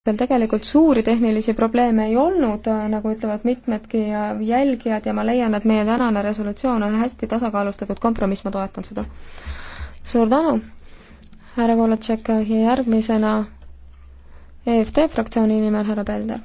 seal tegelikult suuri tehnilisi probleeme ei olnud, nagu ütlevad mitmedki jälgijad ja ma leian, et meie tänane resolutsioon on hästi tasakaalustatud kompromiss, ma toetan seda. suur tänu, härra Kolatšek ja järgmisena EFT fraktsiooni nimel härra Pelder.